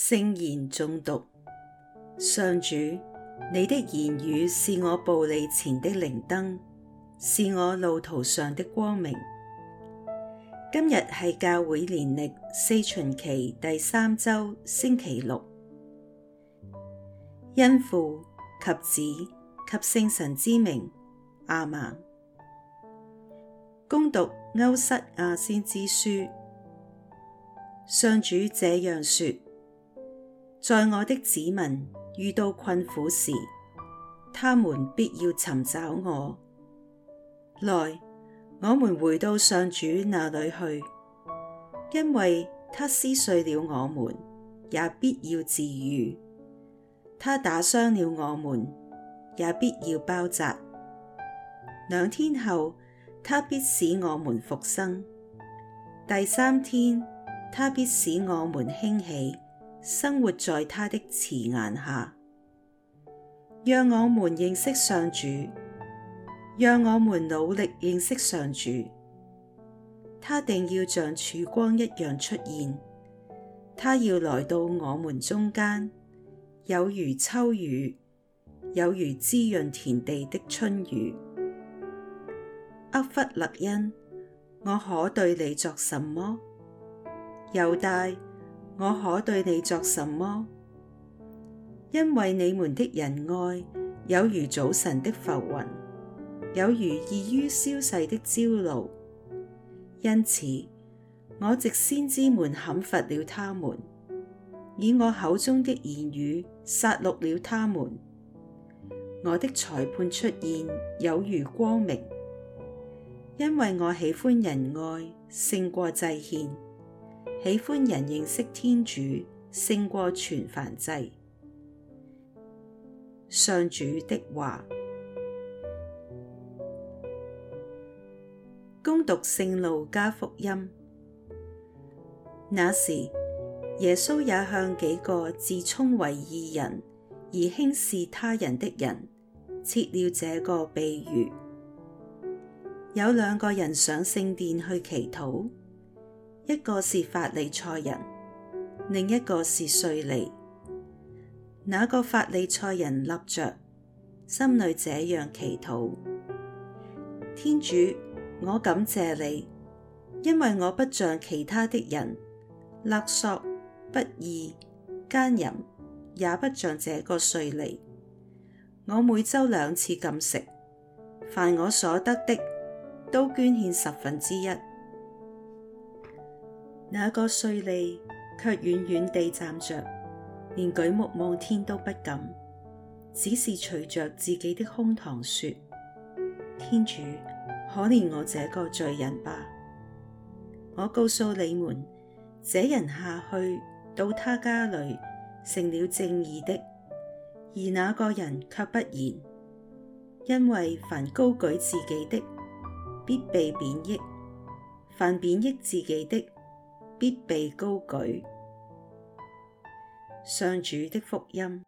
聖言誦讀。上主，你的言語是我步履前的靈燈，是我路途上的光明。今日係教會年曆四旬期第三週星期六，因父及子及聖神之名，阿瑪。恭讀歐瑟亞先知書，上主這樣說。在我的子民遇到困苦時，他們必要尋找我。來，我們回到上主那裏去，因為他撕碎了我們，也必要治愈；他打傷了我們，也必要包紮。兩天後，他必使我們復生；第三天，他必使我們興起。生活在他的慈顏下，讓我們認識上主，讓我們努力認識上主。他定要像曙光一樣出現，他要來到我們中間，有如秋雨，有如滋潤田地的春雨。厄弗辣因，我可對你作什麼？猶大。我可對你作什麼？因為你們的仁愛有如早晨的浮雲，有如易於消逝的朝露。因此，我藉先知們砍伐了他們，以我口中的言語殺戮了他們。我的裁判出現，有如光明，因為我喜歡仁愛勝過祭獻。喜歡人認識天主勝過全燔祭。上主的話：恭讀聖路加福音。那時，耶穌也向幾個自充為義人而輕視他人的人，設了這個比喻。有兩個人上聖殿去祈禱。一個是法利賽人，另一個是稅吏。那個法利賽人立着，心裏這樣祈禱：天主，我感謝你，因為我不像其他的人，勒索、不義、姦淫，也不像這個稅吏。我每周兩次禁食，凡我所得的，都捐獻十分之一。那個稅吏卻遠遠地站着，連舉目望天都不敢，只是捶着自己的胸膛說：天主，可憐我這個罪人吧！我告訴你們，這人下去，到他家裏，成了正義的，而那個人卻不然，因為凡高舉自己的，必被貶抑，凡貶抑自己的必被高舉，上主的福音。